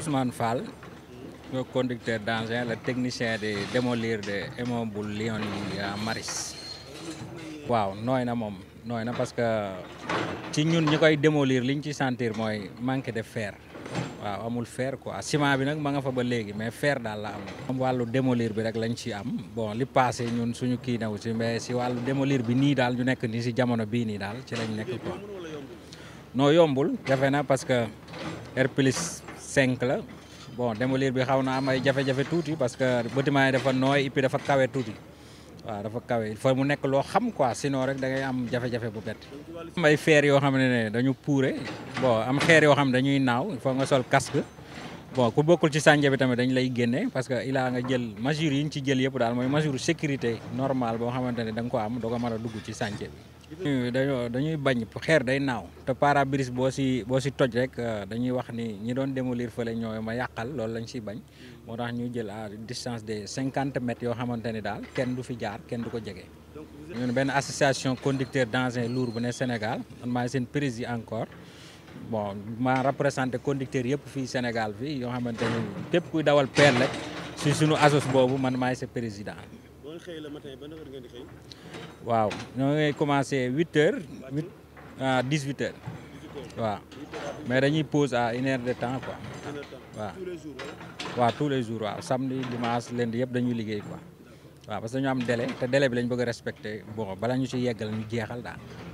Ousmane Fall, le conducteur d'engin, le technicien de démolir de immeuble Lyon à Maris. waaw nooy na mom, nooy na parce que ci ñun ñi koy démolir liñ ci sentir mooy manque de fer waaw amul fer quoi ciment bi nag ma nga fa ba léegi mais fer da la am. am wàllu démolir bi rek lañ ci am bon li passé ñun suñu kii naw si mais si wàllu démolir bi nii daal ñu nekk si jamono bii nii daal ci lañ nekk quoi non yombul jafe na parce que R cinq la bon démolir bi xaw na am ay jafe-jafe tuuti parce que bâtiment yi dafa nooy et puis dafa kawe tuuti waaw dafa kawe il mu nekk loo xam quoi sinon rek da ngay am jafe-jafe bu bett. am ay feer yoo xam ne dañu puure bon am xeer yoo xam ne dañuy naaw il nga sol casque bon ku bokkul ci sànje bi tamit dañ lay génne parce que ilaa nga jël mesures yi ñu ci jël yëpp daal mooy mesure sécurité normal boo xamante ne da nga ko am doo ko mën a dugg ci sànje bi. dañuy bañ xeer day naaw te pare boo si boo si toj rek euh, dañuy wax ni ñi doon démolir fële ñooy ma yàqal loolu lañ siy bañ moo tax ñu jël à distance de cinquante yoo xamante ni daal kenn du fi jaar kenn du ko jege. ñun benn association conducteur d'engins lourds bu ne Sénégal man maay seen président encore bon ma représenté conducteur yëpp fii Sénégal fii yoo xamante ni képp kuy dawal peel rek si suñu asos boobu man maay sa président. boo xëyee le matin ban heure ngeen di waaw ñoo ngay commencé huit heures. huit ah, à dix huit waaw mais dañuy pause à une heure de temps quoi. waaw les jours waaw tous les jours waaw samedi dimanche lundi yëpp dañuy liggéey quoi. waaw parce que dañu am délai te délai bi lañ bëgg a respecté bon bala ñu ci yeggal ñu jeexal daal.